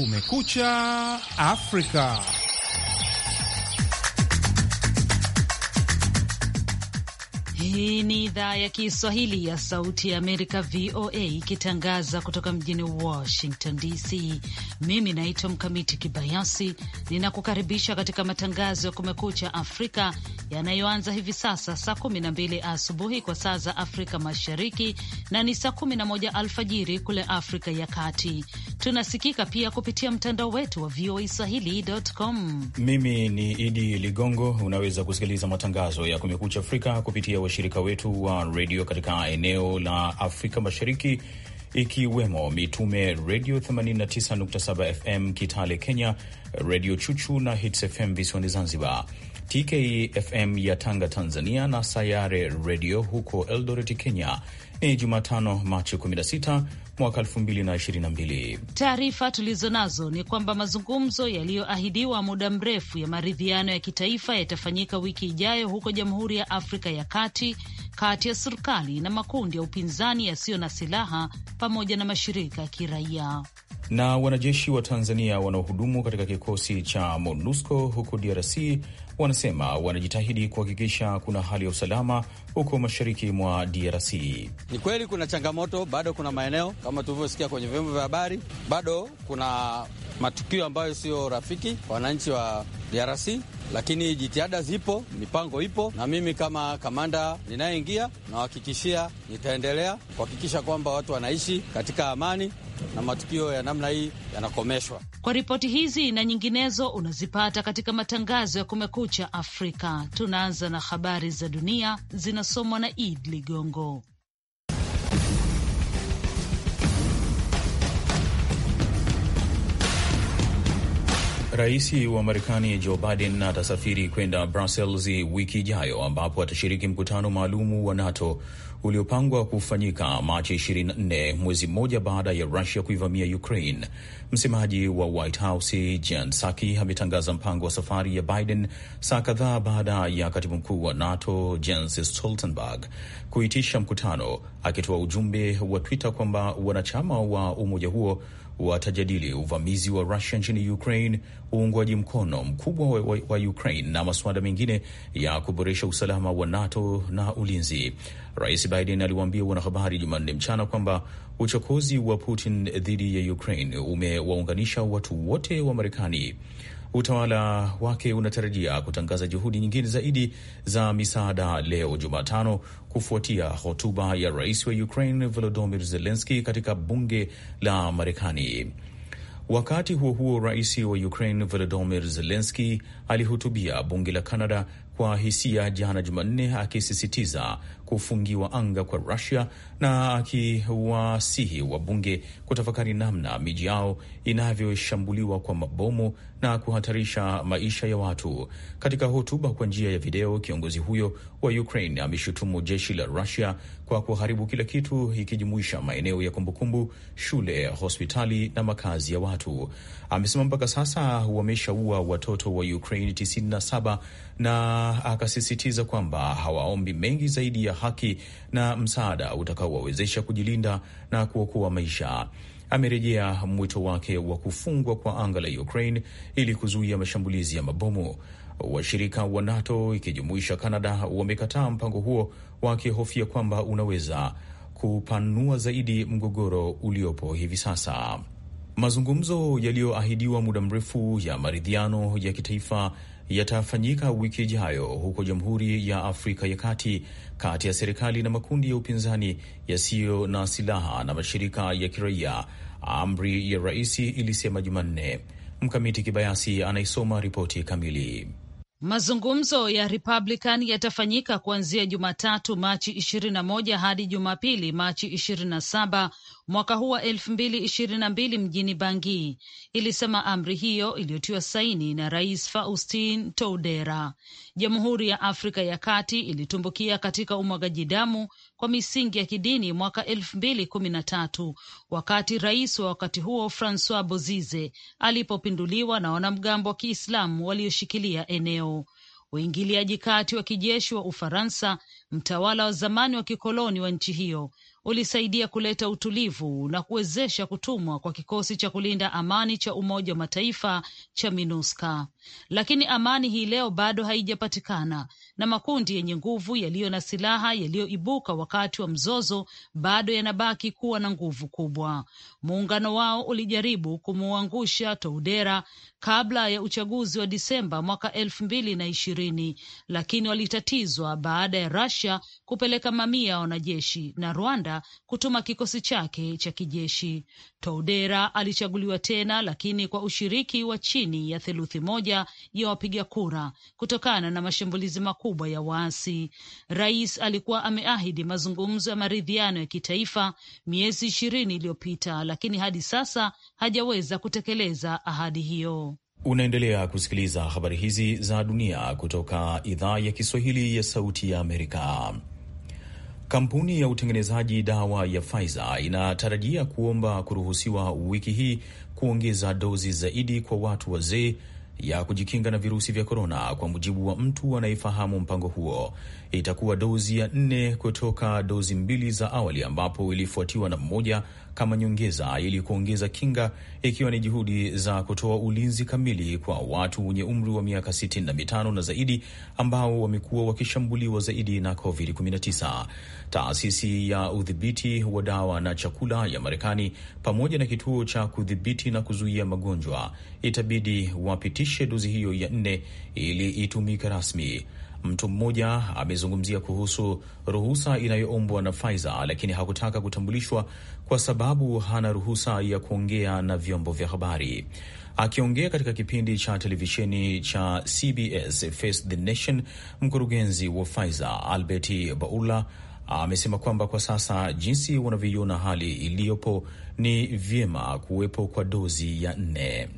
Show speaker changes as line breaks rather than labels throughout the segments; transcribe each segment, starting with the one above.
Kumekucha Afrika.
Hii ni idhaa ya Kiswahili ya Sauti ya Amerika, VOA, ikitangaza kutoka mjini Washington DC. Mimi naitwa Mkamiti Kibayasi, ninakukaribisha katika matangazo ya Kumekucha Afrika yanayoanza hivi sasa saa 12 asubuhi kwa saa za Afrika Mashariki na ni saa 11 alfajiri kule Afrika ya Kati. Tunasikika pia kupitia mtandao wetu wa VOA swahili.com.
Mimi ni Idi Ligongo. Unaweza kusikiliza matangazo ya Kumekucha Afrika kupitia washirika wetu wa redio katika eneo la Afrika Mashariki, ikiwemo Mitume Redio 89.7 FM Kitale Kenya, Redio Chuchu na Hits FM visiwani Zanzibar, TKFM ya Tanga Tanzania na Sayare Redio huko Eldoret Kenya. Ni Jumatano, Machi 16 mwaka mbili.
Taarifa tulizo nazo ni kwamba mazungumzo yaliyoahidiwa muda mrefu ya maridhiano ya kitaifa yatafanyika wiki ijayo huko Jamhuri ya Afrika ya Kati kati ya serikali na makundi ya upinzani yasiyo na silaha pamoja na mashirika ya kiraia.
Na wanajeshi wa Tanzania wanaohudumu katika kikosi cha MONUSCO huko DRC wanasema wanajitahidi kuhakikisha kuna hali ya usalama huko mashariki mwa DRC.
Ni kweli kuna changamoto bado, kuna maeneo kama tulivyosikia kwenye vyombo vya habari, bado kuna matukio ambayo siyo rafiki kwa wananchi wa DRC, lakini jitihada zipo, mipango ipo, na mimi kama kamanda ninayeingia nawahakikishia nitaendelea kuhakikisha kwamba watu wanaishi katika amani na matukio ya namna hii yanakomeshwa.
Kwa ripoti hizi na nyinginezo unazipata katika matangazo ya Kumekucha Afrika. Tunaanza na habari za dunia zinasomwa na Id Ligongo.
Rais wa Marekani Joe Biden atasafiri kwenda Brussels wiki ijayo ambapo atashiriki mkutano maalumu wa NATO uliopangwa kufanyika Machi 24, mwezi mmoja baada ya Rusia kuivamia Ukraine. Msemaji wa White House Jen Psaki ametangaza mpango wa safari ya Biden saa kadhaa baada ya katibu mkuu wa NATO Jens Stoltenberg kuitisha mkutano, akitoa ujumbe wa Twitter kwamba wanachama wa umoja huo watajadili uvamizi wa Rusia nchini Ukraine, uungwaji mkono mkubwa wa, wa, wa Ukraine na masuala mengine ya kuboresha usalama wa NATO na ulinzi. Rais Biden aliwaambia wanahabari Jumanne mchana kwamba uchokozi wa Putin dhidi ya Ukraine umewaunganisha watu wote wa Marekani utawala wake unatarajia kutangaza juhudi nyingine zaidi za misaada leo Jumatano, kufuatia hotuba ya rais wa Ukraine Volodymyr Zelensky katika bunge la Marekani. Wakati huo huo, rais wa Ukraine Volodymyr Zelensky alihutubia bunge la Canada kwa hisia jana Jumanne, akisisitiza kufungiwa anga kwa Rusia na akiwasihi wabunge kutafakari namna miji yao inavyoshambuliwa kwa mabomu na kuhatarisha maisha ya watu. Katika hotuba kwa njia ya video, kiongozi huyo wa Ukraine ameshutumu jeshi la Rusia kwa kuharibu kila kitu, ikijumuisha maeneo ya kumbukumbu, shule, hospitali na makazi ya watu. Amesema mpaka sasa wameshaua watoto wa Ukraine 97 na akasisitiza kwamba hawaombi mengi zaidi ya haki na msaada utakaowawezesha kujilinda na kuokoa maisha. Amerejea mwito wake wa kufungwa kwa anga la Ukraine ili kuzuia mashambulizi ya mabomu. Washirika wa NATO ikijumuisha canada wamekataa mpango huo wakihofia kwamba unaweza kupanua zaidi mgogoro uliopo hivi sasa. Mazungumzo yaliyoahidiwa muda mrefu ya maridhiano ya kitaifa yatafanyika wiki ijayo huko Jamhuri ya Afrika ya Kati, kati ya serikali na makundi ya upinzani yasiyo na silaha na mashirika ya kiraia, amri ya rais ilisema Jumanne. Mkamiti Kibayasi anaisoma ripoti kamili.
Mazungumzo ya Republican yatafanyika kuanzia Jumatatu Machi ishirini na moja hadi Jumapili Machi ishirini na saba mwaka huu wa elfu mbili ishirini na mbili mjini Bangi, ilisema amri hiyo iliyotiwa saini na Rais Faustin Toudera. Jamhuri ya Afrika ya Kati ilitumbukia katika umwagaji damu kwa misingi ya kidini mwaka elfu mbili kumi na tatu wakati rais wa wakati huo Francois Bozize alipopinduliwa na wanamgambo wa Kiislamu walioshikilia eneo. Uingiliaji kati wa kijeshi wa Ufaransa, mtawala wa zamani wa kikoloni wa nchi hiyo, ulisaidia kuleta utulivu na kuwezesha kutumwa kwa kikosi cha kulinda amani cha Umoja wa Mataifa cha MINUSCA, lakini amani hii leo bado haijapatikana na makundi yenye nguvu yaliyo na silaha yaliyoibuka wakati wa mzozo bado yanabaki kuwa na nguvu kubwa. Muungano wao ulijaribu kumuangusha Toudera kabla ya uchaguzi wa Disemba mwaka elfu mbili na ishirini, lakini walitatizwa baada ya rasia kupeleka mamia ya wanajeshi na Rwanda kutuma kikosi chake cha kijeshi. Toudera alichaguliwa tena, lakini kwa ushiriki wa chini ya theluthi moja ya wapiga kura kutokana na mashambulizi makubwa ya waasi. Rais alikuwa ameahidi mazungumzo ya maridhiano ya kitaifa miezi ishirini iliyopita, lakini hadi sasa hajaweza kutekeleza ahadi hiyo.
Unaendelea kusikiliza habari hizi za dunia kutoka idhaa ya Kiswahili ya Sauti ya Amerika. Kampuni ya utengenezaji dawa ya Pfizer inatarajia kuomba kuruhusiwa wiki hii kuongeza dozi zaidi kwa watu wazee ya kujikinga na virusi vya korona. Kwa mujibu wa mtu anayefahamu mpango huo, itakuwa dozi ya nne kutoka dozi mbili za awali, ambapo ilifuatiwa na mmoja kama nyongeza ili kuongeza kinga, ikiwa ni juhudi za kutoa ulinzi kamili kwa watu wenye umri wa miaka 65 na zaidi ambao wamekuwa wakishambuliwa zaidi na COVID-19. Taasisi ya udhibiti wa dawa na chakula ya Marekani pamoja na kituo cha kudhibiti na kuzuia magonjwa itabidi wapitishe dozi hiyo ya nne ili itumike rasmi. Mtu mmoja amezungumzia kuhusu ruhusa inayoombwa na Pfizer, lakini hakutaka kutambulishwa kwa sababu hana ruhusa ya kuongea na vyombo vya habari. Akiongea katika kipindi cha televisheni cha CBS Face the Nation, mkurugenzi wa Pfizer Albert Baula amesema kwamba kwa sasa jinsi wanavyoiona hali iliyopo ni vyema kuwepo kwa dozi ya nne.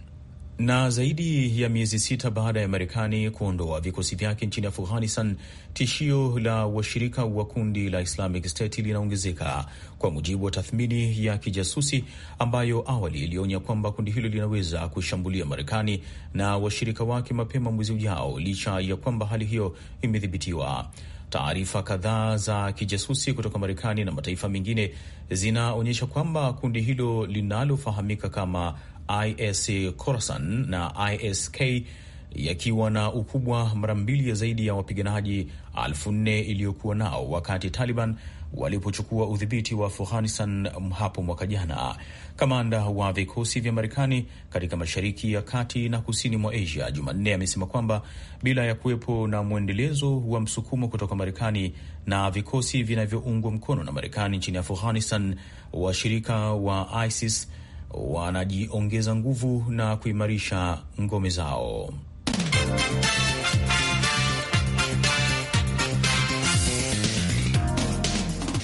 Na zaidi ya miezi sita baada ya Marekani kuondoa vikosi vyake nchini Afghanistan, tishio la washirika wa kundi la Islamic State linaongezeka, kwa mujibu wa tathmini ya kijasusi ambayo awali ilionya kwamba kundi hilo linaweza kushambulia Marekani na washirika wake mapema mwezi ujao, licha ya kwamba hali hiyo imedhibitiwa. Taarifa kadhaa za kijasusi kutoka Marekani na mataifa mengine zinaonyesha kwamba kundi hilo linalofahamika kama IS Khorasan na ISK yakiwa na ukubwa mara mbili ya zaidi ya wapiganaji elfu nne iliyokuwa nao wakati Taliban walipochukua udhibiti wa Afghanistan hapo mwaka jana. Kamanda wa vikosi vya Marekani katika mashariki ya kati na kusini mwa Asia Jumanne amesema kwamba bila ya kuwepo na mwendelezo wa msukumo kutoka Marekani na vikosi vinavyoungwa mkono na Marekani nchini Afghanistan, washirika wa ISIS wanajiongeza nguvu na kuimarisha ngome zao.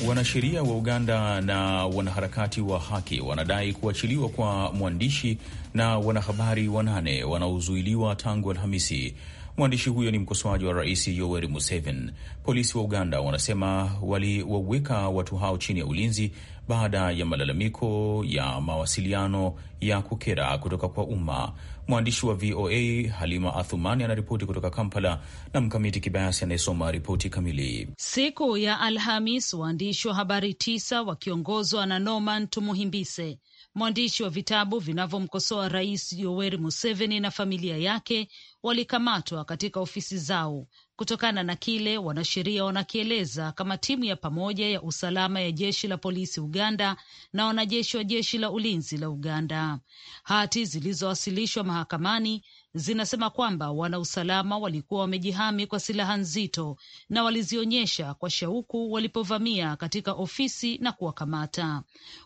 Wanasheria wa Uganda na wanaharakati wa haki wanadai kuachiliwa kwa mwandishi na wanahabari wanane wanaozuiliwa tangu Alhamisi Mwandishi huyo ni mkosoaji wa rais Yoweri Museveni. Polisi wa Uganda wanasema waliwaweka watu hao chini ya ulinzi baada ya malalamiko ya mawasiliano ya kukera kutoka kwa umma. Mwandishi wa VOA Halima Athumani anaripoti kutoka Kampala na Mkamiti Kibayasi anayesoma ripoti kamili.
Siku ya Alhamis, waandishi wa habari tisa wakiongozwa na Norman Tumuhimbise Mwandishi wa vitabu vinavyomkosoa Rais Yoweri Museveni na familia yake walikamatwa katika ofisi zao kutokana na kile wanasheria wanakieleza kama timu ya pamoja ya usalama ya jeshi la polisi Uganda na wanajeshi wa jeshi la ulinzi la Uganda. Hati zilizowasilishwa mahakamani zinasema kwamba wanausalama walikuwa wamejihami kwa silaha nzito na walizionyesha kwa shauku walipovamia katika ofisi na kuwakamata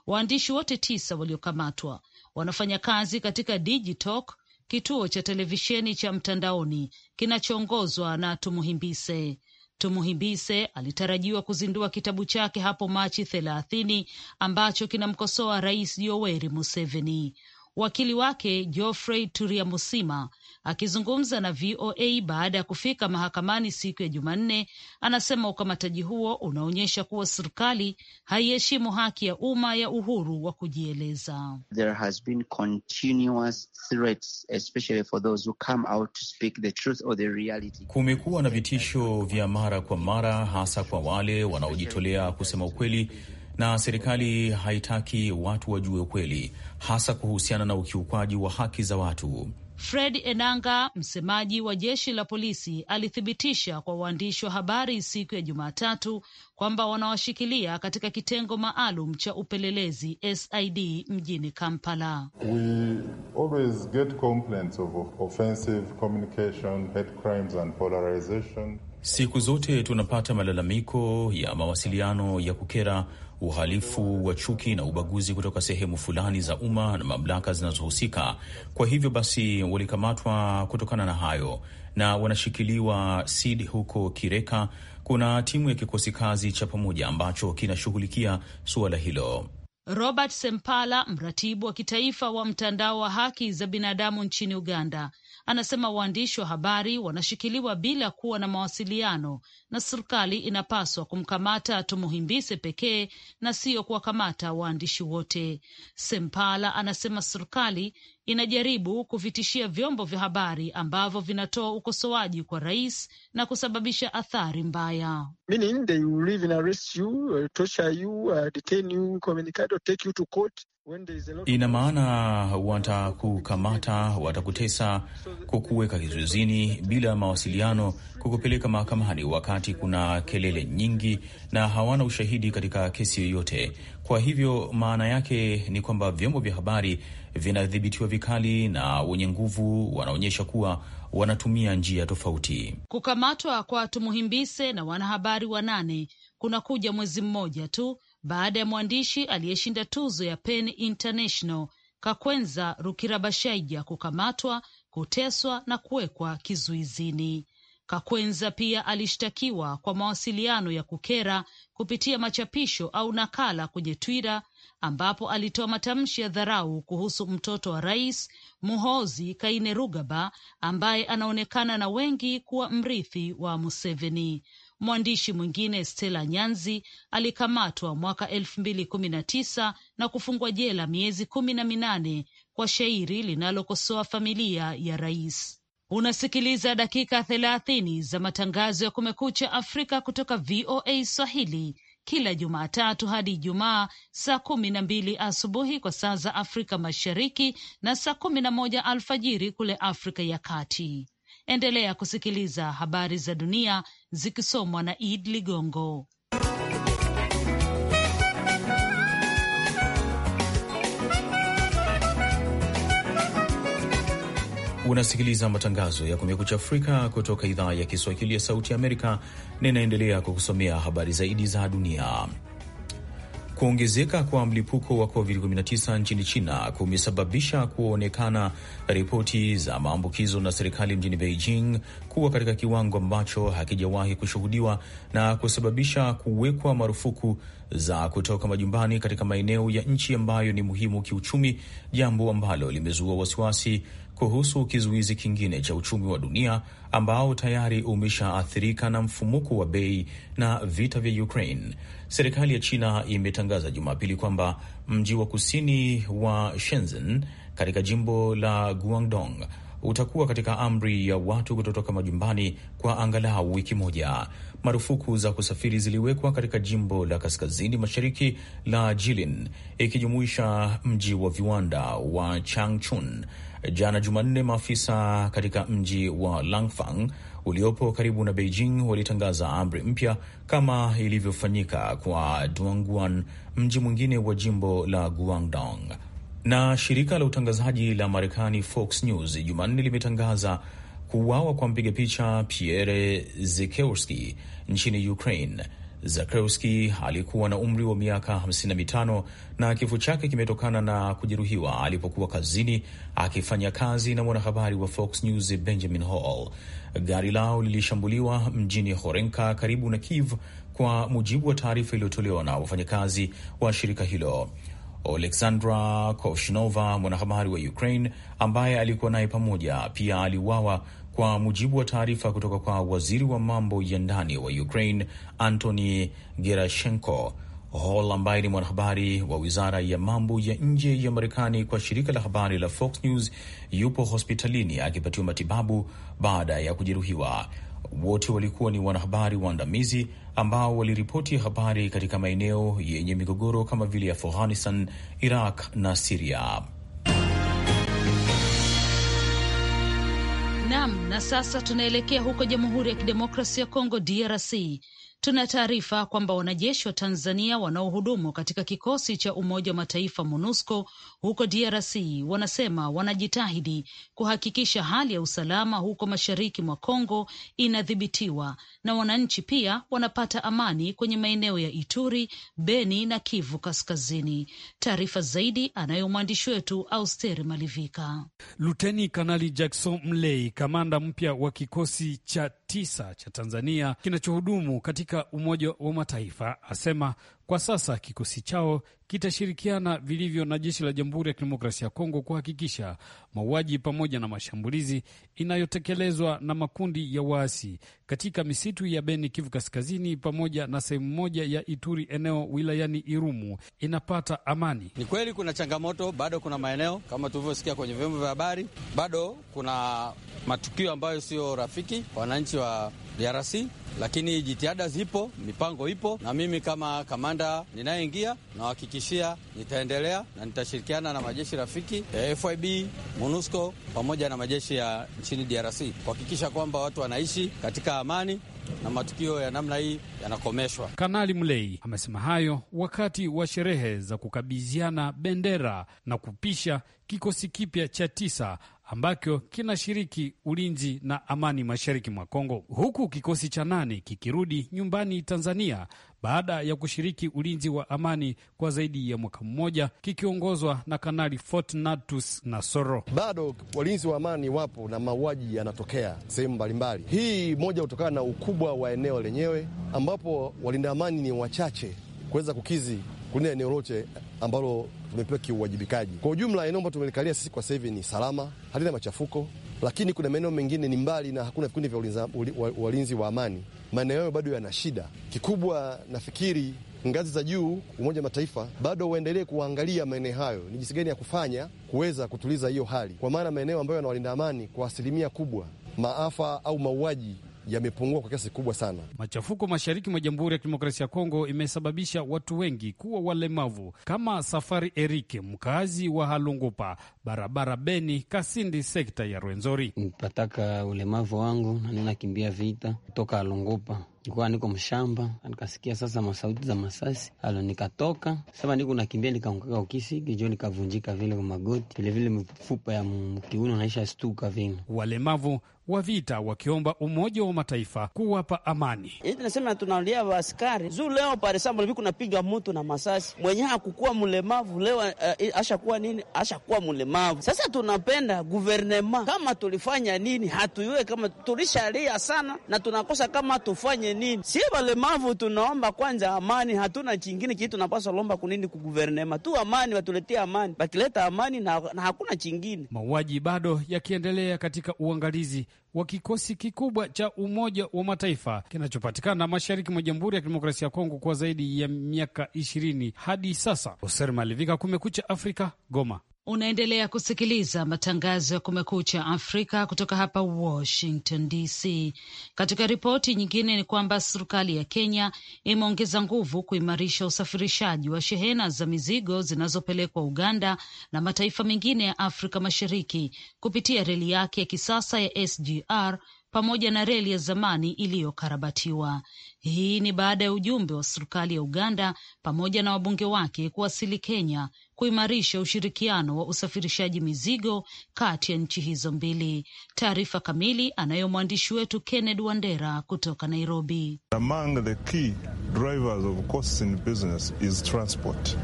waandishi wote tisa waliokamatwa. Wanafanya kazi katika Digitalk, kituo cha televisheni cha mtandaoni kinachoongozwa na Tumuhimbise. Tumuhimbise alitarajiwa kuzindua kitabu chake hapo Machi thelathini ambacho kinamkosoa Rais Yoweri Museveni. Wakili wake Geoffrey Turiamusima Akizungumza na VOA baada ya kufika mahakamani siku ya Jumanne, anasema ukamataji huo unaonyesha kuwa serikali haiheshimu haki ya umma ya uhuru wa kujieleza.
There has been continuous threats especially for those who come out to speak the truth or the reality.
Kumekuwa na vitisho vya mara kwa mara, hasa kwa wale wanaojitolea kusema ukweli na serikali haitaki watu wajue ukweli, hasa kuhusiana na ukiukwaji wa haki za watu.
Fred Enanga, msemaji wa jeshi la polisi, alithibitisha kwa waandishi wa habari siku ya Jumatatu kwamba wanawashikilia katika kitengo maalum cha upelelezi SID mjini Kampala.
We always get complaints of offensive communication, hate crimes and polarization.
Siku zote tunapata malalamiko ya mawasiliano ya kukera uhalifu wa chuki na ubaguzi kutoka sehemu fulani za umma na mamlaka zinazohusika. Kwa hivyo basi, walikamatwa kutokana na hayo na wanashikiliwa sid huko Kireka. Kuna timu ya kikosi kazi cha pamoja ambacho kinashughulikia suala hilo.
Robert Sempala, mratibu wa kitaifa wa mtandao wa haki za binadamu nchini Uganda, anasema waandishi wa habari wanashikiliwa bila kuwa na mawasiliano na serikali inapaswa kumkamata Tumuhimbise pekee na siyo kuwakamata waandishi wote. Sempala anasema serikali inajaribu kuvitishia vyombo vya habari ambavyo vinatoa ukosoaji kwa rais na kusababisha athari mbaya.
Meaning they will
Ina maana watakukamata, watakutesa, kukuweka kizuizini bila mawasiliano, kukupeleka mahakamani wakati kuna kelele nyingi na hawana ushahidi katika kesi yoyote. Kwa hivyo maana yake ni kwamba vyombo vya habari vinadhibitiwa vikali na wenye nguvu wanaonyesha kuwa wanatumia njia tofauti.
Kukamatwa kwa Tumuhimbise na wanahabari wanane kunakuja mwezi mmoja tu baada ya mwandishi aliyeshinda tuzo ya Pen International Kakwenza Rukirabashaija kukamatwa, kuteswa na kuwekwa kizuizini. Kakwenza pia alishtakiwa kwa mawasiliano ya kukera kupitia machapisho au nakala kwenye Twitter ambapo alitoa matamshi ya dharau kuhusu mtoto wa rais Muhozi Kainerugaba ambaye anaonekana na wengi kuwa mrithi wa Museveni. Mwandishi mwingine Stella Nyanzi alikamatwa mwaka elfu mbili kumi na tisa na kufungwa jela miezi kumi na minane kwa shairi linalokosoa familia ya rais. Unasikiliza dakika thelathini za matangazo ya Kumekucha Afrika kutoka VOA Swahili kila Jumatatu hadi Ijumaa saa kumi na mbili asubuhi kwa saa za Afrika Mashariki na saa kumi na moja alfajiri kule Afrika ya Kati. Endelea kusikiliza habari za dunia zikisomwa na Id Ligongo.
Unasikiliza matangazo ya Kumekucha Afrika kutoka idhaa ya Kiswahili ya Sauti ya Amerika, ninaendelea kukusomea habari zaidi za dunia. Kuongezeka kwa mlipuko wa COVID-19 nchini China kumesababisha kuonekana ripoti za maambukizo na serikali mjini Beijing kuwa katika kiwango ambacho hakijawahi kushuhudiwa na kusababisha kuwekwa marufuku za kutoka majumbani katika maeneo ya nchi ambayo ni muhimu kiuchumi, jambo ambalo limezua wasiwasi kuhusu kizuizi kingine cha uchumi wa dunia ambao tayari umeshaathirika na mfumuko wa bei na vita vya Ukraine. Serikali ya China imetangaza Jumapili kwamba mji wa kusini wa Shenzhen katika jimbo la Guangdong utakuwa katika amri ya watu kutotoka majumbani kwa angalau wiki moja. Marufuku za kusafiri ziliwekwa katika jimbo la kaskazini mashariki la Jilin, ikijumuisha mji wa viwanda wa Changchun. Jana Jumanne, maafisa katika mji wa Langfang uliopo karibu na Beijing walitangaza amri mpya kama ilivyofanyika kwa Duanguan, mji mwingine wa jimbo la Guangdong. Na shirika la utangazaji la Marekani Fox News Jumanne limetangaza kuuawa kwa mpiga picha Pierre Zekelski nchini Ukraine. Zakowski alikuwa na umri wa miaka 55 na kifo chake kimetokana na kujeruhiwa alipokuwa kazini akifanya kazi na mwanahabari wa Fox News Benjamin Hall. Gari lao lilishambuliwa mjini Horenka karibu na Kiev, kwa mujibu wa taarifa iliyotolewa na wafanyakazi wa shirika hilo. Oleksandra Kovshnova, mwanahabari wa Ukraine ambaye alikuwa naye pamoja, pia aliuawa kwa mujibu wa taarifa kutoka kwa waziri wa mambo ya ndani wa Ukraine Antony Gerashenko. Hall ambaye ni mwanahabari wa wizara ya mambo ya nje ya Marekani kwa shirika la habari la Fox News yupo hospitalini akipatiwa matibabu baada ya kujeruhiwa. Wote walikuwa ni wanahabari waandamizi ambao waliripoti habari katika maeneo yenye migogoro kama vile Afghanistan, Iraq na Siria.
Nam, na sasa tunaelekea huko Jamhuri ya Kidemokrasi ya Kongo, DRC, Tuna taarifa kwamba wanajeshi wa Tanzania wanaohudumu katika kikosi cha Umoja wa Mataifa MONUSCO huko DRC wanasema wanajitahidi kuhakikisha hali ya usalama huko mashariki mwa congo inadhibitiwa na wananchi pia wanapata amani kwenye maeneo ya Ituri, Beni na Kivu Kaskazini. Taarifa zaidi anayo mwandishi wetu Austeri Malivika.
Luteni Kanali Jackson Mlei, kamanda mpya wa kikosi cha tisa cha Tanzania kinachohudumu katika Umoja wa Mataifa asema kwa sasa kikosi chao kitashirikiana vilivyo na jeshi la Jamhuri ya Kidemokrasia ya Kongo kuhakikisha mauaji pamoja na mashambulizi inayotekelezwa na makundi ya waasi katika misitu ya Beni, Kivu Kaskazini, pamoja na sehemu moja ya Ituri, eneo wilayani Irumu inapata amani. Ni
kweli kuna changamoto bado, kuna maeneo kama tulivyosikia kwenye vyombo vya habari, bado kuna matukio ambayo siyo rafiki wananchi wa DRC, lakini jitihada zipo, mipango ipo, na mimi kama kamanda ninayeingia nawahakikishia nitaendelea na nitashirikiana na majeshi rafiki ya eh, FIB, MONUSCO pamoja na majeshi ya nchini DRC kuhakikisha kwamba watu wanaishi katika amani na matukio ya namna hii yanakomeshwa.
Kanali Mlei amesema hayo wakati wa sherehe za kukabidhiana bendera na kupisha kikosi kipya cha tisa ambacho kinashiriki ulinzi na amani mashariki mwa Kongo, huku kikosi cha nane kikirudi nyumbani Tanzania baada ya kushiriki ulinzi wa amani kwa zaidi ya mwaka mmoja kikiongozwa na Kanali Fortunatus
Nasoro. Bado walinzi wa amani wapo na mauaji yanatokea sehemu mbalimbali. Hii moja kutokana na ukubwa wa eneo lenyewe ambapo walinda amani ni wachache kuweza kukizi kuna eneo lote ambalo tumepewa kiuwajibikaji. Kwa ujumla, eneo ambalo tumelikalia sisi kwa sasa hivi ni salama, halina machafuko, lakini kuna maeneo mengine ni mbali na hakuna vikundi vya walinzi wa amani. Maeneo hayo bado yana shida kikubwa. Nafikiri ngazi za juu, Umoja wa Mataifa bado waendelee kuangalia maeneo hayo, ni jinsi gani ya kufanya kuweza kutuliza hiyo hali, kwa maana maeneo ambayo yanawalinda amani kwa asilimia kubwa maafa au mauaji yamepungua kwa kiasi kubwa sana.
Machafuko mashariki mwa Jamhuri ya Kidemokrasia ya Kongo imesababisha watu wengi kuwa walemavu kama Safari Erike, mkazi wa Halungupa,
barabara Beni Kasindi, sekta ya Rwenzori. Mpataka ulemavu wangu na ninakimbia vita kutoka Halungupa nikuwa niko mshamba, nikasikia sasa masauti za masasi alo, nikatoka sasa, niko nakimbia, nikaanguka ukisi kijo, nikavunjika vile magoti, vilevile mifupa ya mkiuno naisha stuka vile. Walemavu wa vita wakiomba
Umoja wa Mataifa kuwapa amani.
Nasema tunalia waaskari zuu leo paresambo hivi kunapiga mtu na masasi, mwenye hakukuwa mlemavu leo uh, ashakuwa nini, ashakuwa mlemavu. Sasa tunapenda guvernema kama tulifanya nini, hatuyue kama tulishalia sana na tunakosa kama tufanye nini? Sie walemavu tunaomba kwanza amani, hatuna chingine kitu tunapaswa lomba kunini kuguvernema tu amani, watuletee amani, wakileta amani na, na hakuna chingine.
Mauaji bado yakiendelea katika uangalizi wa kikosi kikubwa cha Umoja wa Mataifa kinachopatikana mashariki mwa Jamhuri ya Kidemokrasia ya Kongo kwa zaidi ya miaka ishirini hadi sasa. Hoser Malivika, Kumekucha Afrika, Goma.
Unaendelea kusikiliza matangazo ya Kumekucha Afrika kutoka hapa Washington DC. Katika ripoti nyingine ni kwamba serikali ya Kenya imeongeza nguvu kuimarisha usafirishaji wa shehena za mizigo zinazopelekwa Uganda na mataifa mengine ya Afrika Mashariki kupitia reli yake ya kisasa ya SGR pamoja na reli ya zamani iliyokarabatiwa. Hii ni baada ya ujumbe wa serikali ya Uganda pamoja na wabunge wake kuwasili Kenya kuimarisha ushirikiano wa usafirishaji mizigo kati ya nchi hizo mbili. Taarifa kamili anayo mwandishi wetu Kenneth Wandera kutoka Nairobi.
Among the key drivers of costs in business is transport,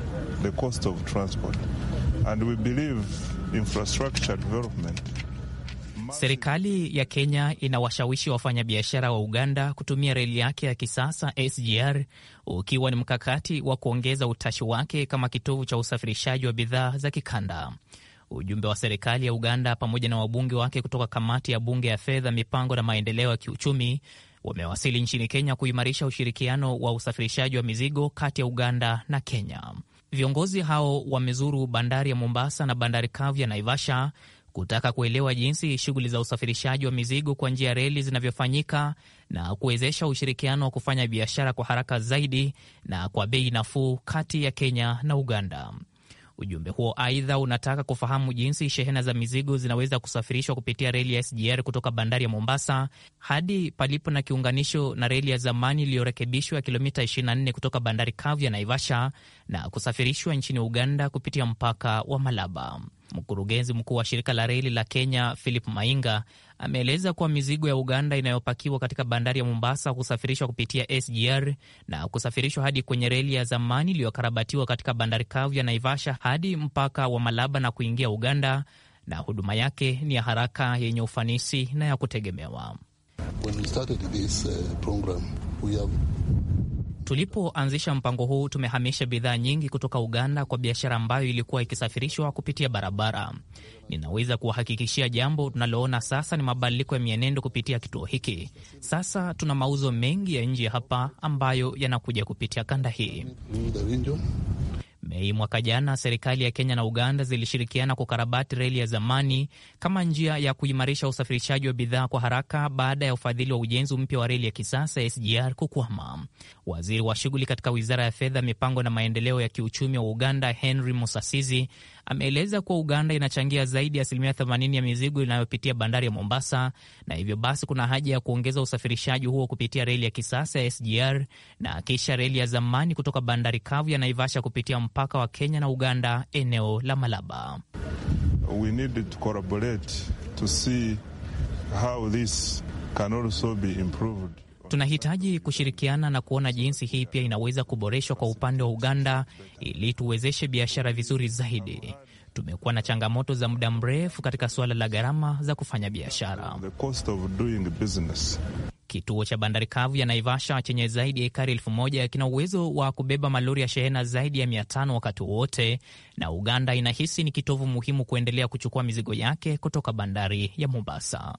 the cost of transport. And we believe infrastructure development Serikali ya Kenya inawashawishi wafanyabiashara wa Uganda kutumia reli yake ya kisasa SGR, ukiwa ni mkakati wa kuongeza utashi wake kama kitovu cha usafirishaji wa bidhaa za kikanda. Ujumbe wa serikali ya Uganda pamoja na wabunge wake kutoka kamati ya bunge ya fedha, mipango na maendeleo ya kiuchumi wamewasili nchini Kenya kuimarisha ushirikiano wa usafirishaji wa mizigo kati ya Uganda na Kenya. Viongozi hao wamezuru bandari ya Mombasa na bandari kavu ya Naivasha kutaka kuelewa jinsi shughuli za usafirishaji wa mizigo kwa njia ya reli zinavyofanyika na kuwezesha ushirikiano wa kufanya biashara kwa haraka zaidi na kwa bei nafuu kati ya Kenya na Uganda. Ujumbe huo aidha unataka kufahamu jinsi shehena za mizigo zinaweza kusafirishwa kupitia reli ya SGR kutoka bandari ya Mombasa hadi palipo na kiunganisho na reli ya zamani iliyorekebishwa ya kilomita 24 kutoka bandari kavu ya Naivasha na kusafirishwa nchini Uganda kupitia mpaka wa Malaba. Mkurugenzi mkuu wa shirika la reli la Kenya Philip Mainga ameeleza kuwa mizigo ya Uganda inayopakiwa katika bandari ya Mombasa kusafirishwa kupitia SGR na kusafirishwa hadi kwenye reli ya zamani iliyokarabatiwa katika bandari kavu ya Naivasha hadi mpaka wa Malaba na kuingia Uganda, na huduma yake ni ya haraka, yenye ufanisi na ya kutegemewa. When we Tulipoanzisha mpango huu, tumehamisha bidhaa nyingi kutoka Uganda kwa biashara ambayo ilikuwa ikisafirishwa kupitia barabara. Ninaweza kuwahakikishia jambo tunaloona sasa ni mabadiliko ya mienendo kupitia kituo hiki. Sasa tuna mauzo mengi ya nje hapa ambayo yanakuja kupitia kanda hii. Mei mwaka jana, serikali ya Kenya na Uganda zilishirikiana kukarabati reli ya zamani kama njia ya kuimarisha usafirishaji wa bidhaa kwa haraka baada ya ufadhili wa ujenzi mpya wa reli ya kisasa ya SGR kukwama. Waziri wa shughuli katika wizara ya fedha, mipango na maendeleo ya kiuchumi wa Uganda, Henry Musasizi ameeleza kuwa Uganda inachangia zaidi ya asilimia 80 ya mizigo inayopitia bandari ya Mombasa, na hivyo basi kuna haja ya kuongeza usafirishaji huo kupitia reli ya kisasa ya SGR na kisha reli ya zamani kutoka bandari kavu ya Naivasha kupitia mpaka wa Kenya na Uganda, eneo la Malaba. We need to collaborate to see how this can also be improved. Tunahitaji kushirikiana na kuona jinsi hii pia inaweza kuboreshwa kwa upande wa Uganda ili tuwezeshe biashara vizuri zaidi. Tumekuwa na changamoto za muda mrefu katika suala la gharama za kufanya biashara. Kituo cha bandari kavu ya Naivasha chenye zaidi ya ekari elfu moja kina uwezo wa kubeba malori ya shehena zaidi ya mia tano wakati wowote, na Uganda inahisi ni kitovu muhimu kuendelea kuchukua mizigo yake kutoka bandari ya Mombasa.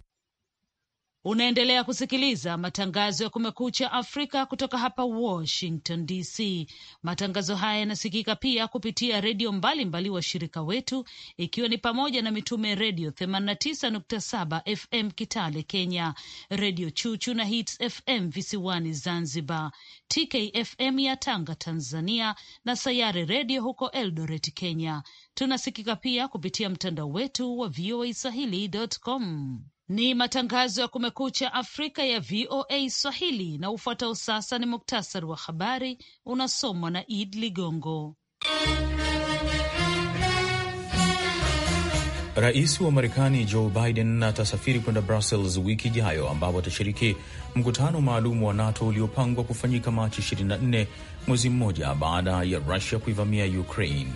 Unaendelea kusikiliza matangazo ya Kumekucha Afrika kutoka hapa Washington DC. Matangazo haya yanasikika pia kupitia redio mbalimbali washirika wetu, ikiwa ni pamoja na Mitume Redio 89.7 FM Kitale Kenya, Redio Chuchu na Hits FM visiwani Zanzibar, TKFM ya Tanga Tanzania, na Sayare Redio huko Eldoret Kenya. Tunasikika pia kupitia mtandao wetu wa VOA Swahili.com. Ni matangazo ya Kumekucha Afrika ya VOA Swahili, na ufuatao sasa ni muktasari wa habari unasomwa na Id Ligongo.
Rais wa Marekani Joe Biden atasafiri kwenda Brussels wiki ijayo ambapo atashiriki mkutano maalum wa NATO uliopangwa kufanyika Machi 24 mwezi mmoja baada ya Rusia kuivamia Ukraine.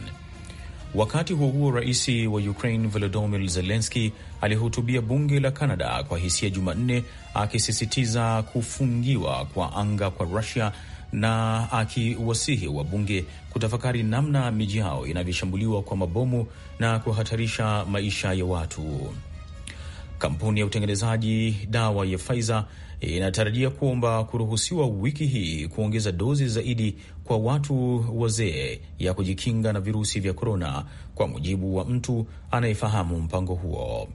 Wakati huo huo, rais wa Ukraine Volodymyr Zelensky alihutubia bunge la Kanada kwa hisia Jumanne, akisisitiza kufungiwa kwa anga kwa Rusia na akiwasihi wabunge kutafakari namna miji yao inavyoshambuliwa kwa mabomu na kuhatarisha maisha ya watu. Kampuni ya utengenezaji dawa ya Pfizer inatarajia kuomba kuruhusiwa wiki hii kuongeza dozi zaidi kwa watu wazee ya kujikinga na virusi vya korona, kwa mujibu wa mtu anayefahamu mpango huo.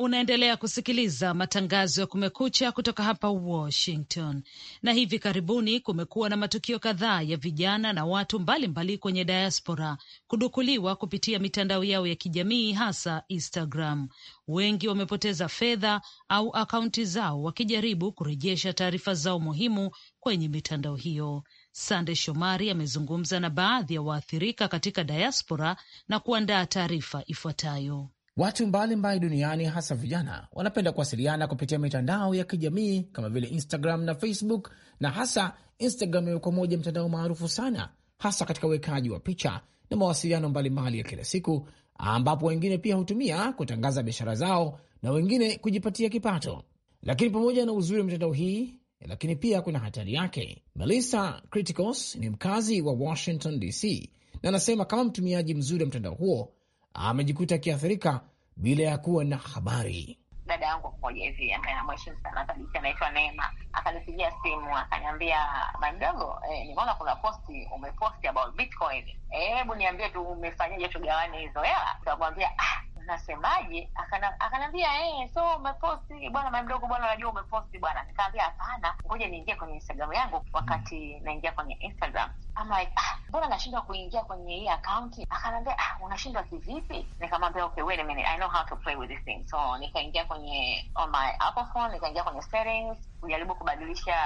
Unaendelea kusikiliza matangazo ya Kumekucha kutoka hapa Washington. Na hivi karibuni kumekuwa na matukio kadhaa ya vijana na watu mbalimbali mbali kwenye diaspora kudukuliwa kupitia mitandao yao ya kijamii, hasa Instagram. Wengi wamepoteza fedha au akaunti zao wakijaribu kurejesha taarifa zao muhimu kwenye mitandao hiyo. Sande Shomari amezungumza na baadhi ya waathirika katika diaspora na kuandaa taarifa ifuatayo.
Watu mbalimbali duniani hasa vijana wanapenda kuwasiliana kupitia mitandao ya kijamii kama vile
Instagram na
Facebook, na hasa Instagram imekuwa moja mtandao maarufu sana, hasa katika uwekaji wa picha na mawasiliano mbalimbali ya kila siku, ambapo wengine pia hutumia kutangaza biashara zao na wengine kujipatia kipato. Lakini pamoja na uzuri wa mitandao hii, lakini pia kuna hatari yake. Melissa Criticos ni mkazi wa Washington DC na anasema kama mtumiaji mzuri wa mtandao huo amejikuta akiathirika bila ya kuwa na habari.
Dada yangu mmoja hivi ambaye namwheshimu sana kabisa anaitwa Neema akanipigia simu akaniambia, mandogo eh, nimeona kuna posti umeposti about bitcoin, hebu eh, niambie tu umefanyaje tugawane hizo hela. Nikamwambia ah nasemaje? Akaniambia eh, so umeposti bwana, mama mdogo bwana, unajua umeposti bwana. Nikaambia hapana, ngoja niingie kwenye Instagram yangu. Mm. Wakati naingia kwenye Instagram I'm like ah, mbona nashindwa kuingia kwenye hii akaunti? Akaniambia ah, unashindwa kivipi? Nikamwambia okay, wait a minute, I know how to play with this thing. So nikaingia kwenye on my Apple phone, nikaingia kwenye settings kujaribu kubadilisha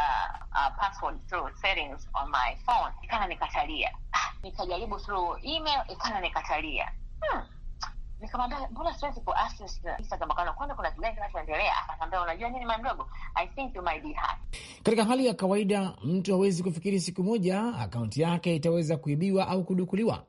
uh, password through settings on my phone, ikana nikatalia. Ah, nikajaribu through email, ikana nikatalia. hmm nikamwambia mbona siwezi ku Instagram kuna kinachoendelea? Akaniambia unajua nini I think you might be hacked.
Katika hali ya kawaida mtu hawezi kufikiri siku moja akaunti yake itaweza kuibiwa au kudukuliwa,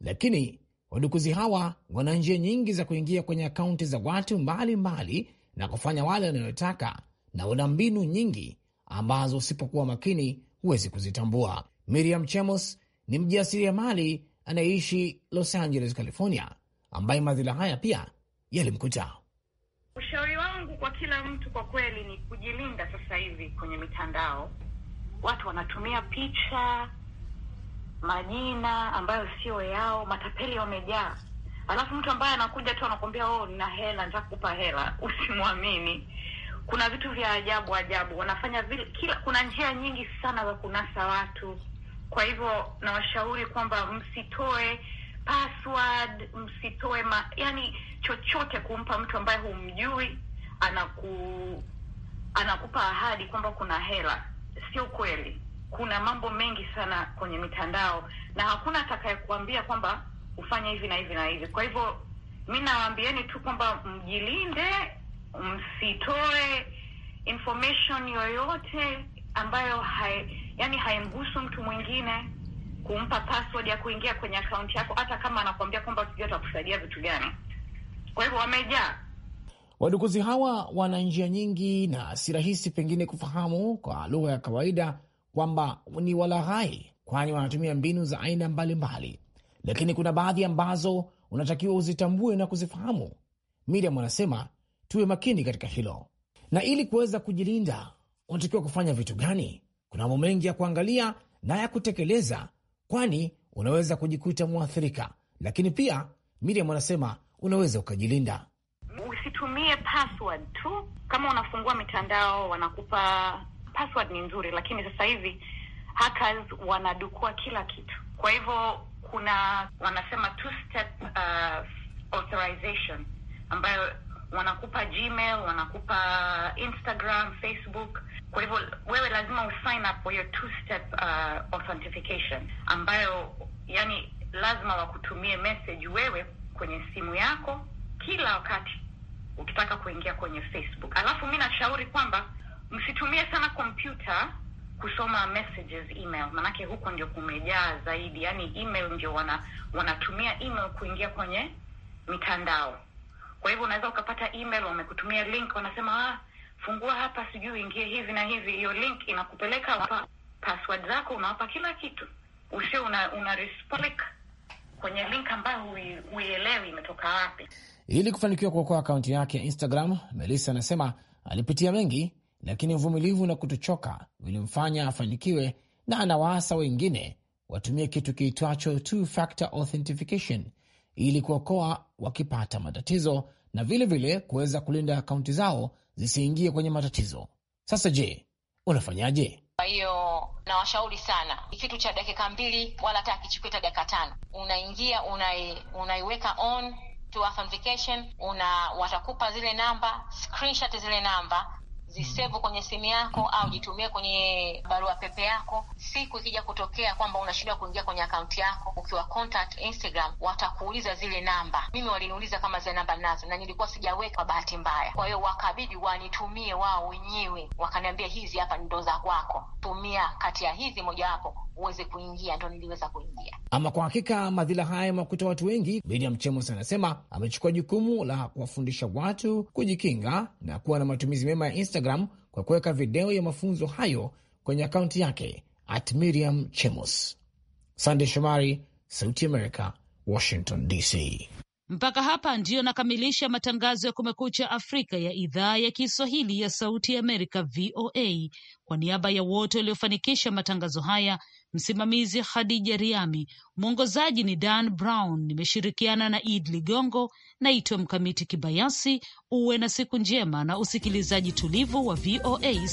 lakini wadukuzi hawa wana njia nyingi za kuingia kwenye akaunti za watu mbalimbali mbali, na kufanya wale wanayotaka, na wana mbinu nyingi ambazo usipokuwa makini huwezi kuzitambua. Miriam Chemos ni mjasiriamali anayeishi Los Angeles, California ambaye madhila haya pia yalimkuta.
Ushauri wangu kwa kila mtu kwa kweli ni kujilinda. Sasa hivi kwenye mitandao watu wanatumia picha, majina ambayo sio yao, matapeli wamejaa. Alafu mtu ambaye anakuja tu anakuambia oh, nina hela, nitakupa hela, usimwamini. Kuna vitu vya ajabu ajabu wanafanya vile, kila kuna njia nyingi sana za kunasa watu. Kwa hivyo nawashauri kwamba msitoe password, msitoe ma, yani chochote kumpa mtu ambaye humjui, anaku anakupa ahadi kwamba kuna hela. Sio kweli. Kuna mambo mengi sana kwenye mitandao na hakuna atakayekuambia kwamba ufanye hivi na hivi na hivi. Kwa hivyo mi nawaambieni tu kwamba mjilinde, msitoe information yoyote ambayo hai, yani haimgusu mtu mwingine kumpa password ya kuingia kwenye akaunti yako, hata kama anakuambia kwamba sijui atakusaidia vitu gani. Kwa hivyo wamejaa
wadukuzi hawa, wana njia nyingi na si rahisi pengine kufahamu kwa lugha ya kawaida kwamba ni walaghai, kwani wanatumia mbinu za aina mbalimbali mbali. Lakini kuna baadhi ambazo unatakiwa uzitambue na kuzifahamu. Miriam anasema tuwe makini katika hilo, na ili kuweza kujilinda unatakiwa kufanya vitu gani? Kuna mambo mengi ya kuangalia na ya kutekeleza kwani unaweza kujikuta mwathirika. Lakini pia Miriam anasema unaweza ukajilinda.
Usitumie password tu. Kama unafungua mitandao wanakupa password, ni nzuri, lakini sasa hivi hackers wanadukua kila kitu. Kwa hivyo kuna wanasema two step, uh, authorization ambayo wanakupa Gmail, wanakupa Instagram, Facebook. Kwa hivyo wewe lazima usign up for your two step uh, authentication ambayo yani lazima wakutumie message wewe kwenye simu yako kila wakati ukitaka kuingia kwenye Facebook. Alafu mi nashauri kwamba msitumie sana kompyuta kusoma messages email, manake huko ndio kumejaa zaidi, yani email ndio wana- wanatumia email kuingia kwenye mitandao. Kwa hivyo unaweza ukapata email, wamekutumia link, wanasema ah, fungua hapa, sijui uingie hivi na hivi. Hiyo link inakupeleka hapa, password zako unawapa kila kitu, usio una, una respond kwenye link ambayo huielewi imetoka wapi.
Ili kufanikiwa kuokoa akaunti yake ya Instagram, Melissa anasema alipitia mengi, lakini uvumilivu na kutochoka vilimfanya afanikiwe, na anawaasa wengine watumie kitu kiitwacho two factor authentication ili kuokoa wakipata matatizo na vilevile kuweza kulinda akaunti zao zisiingie kwenye matatizo. Sasa je, unafanyaje?
Kwa hiyo nawashauri sana, kitu cha dakika mbili wala hata akichukua hata dakika tano, unaingia unai, unaiweka on to authentication, una watakupa zile namba, screenshot zile namba zisevu kwenye simu yako au jitumie kwenye barua pepe yako. Siku ikija kutokea kwamba unashindwa kuingia kwenye akaunti yako, ukiwa contact Instagram watakuuliza zile namba. Mimi waliniuliza kama zile namba nazo, na nilikuwa sijaweka, bahati mbaya. Kwa hiyo wakabidi wanitumie wao wenyewe, wakaniambia hizi hapa ndo za kwako, tumia kati ya hizi mojawapo uweze kuingia, ndo niliweza kuingia.
Ama kwa hakika madhila haya makuta watu wengi. Miriam Chemos anasema amechukua jukumu la kuwafundisha watu kujikinga na kuwa na matumizi mema ya Instagram Instagram kwa kuweka video ya mafunzo hayo kwenye akaunti yake at Miriam Chemos. Sande Shomari, Sauti America, Washington DC.
Mpaka hapa ndiyo nakamilisha matangazo ya Kumekucha Afrika ya idhaa ya Kiswahili ya Sauti ya Amerika, VOA. Kwa niaba ya wote waliofanikisha matangazo haya msimamizi Khadija Riami, mwongozaji ni Dan Brown. Nimeshirikiana na Id Ligongo. Naitwa Mkamiti Kibayasi. Uwe na siku njema na usikilizaji tulivu wa VOA.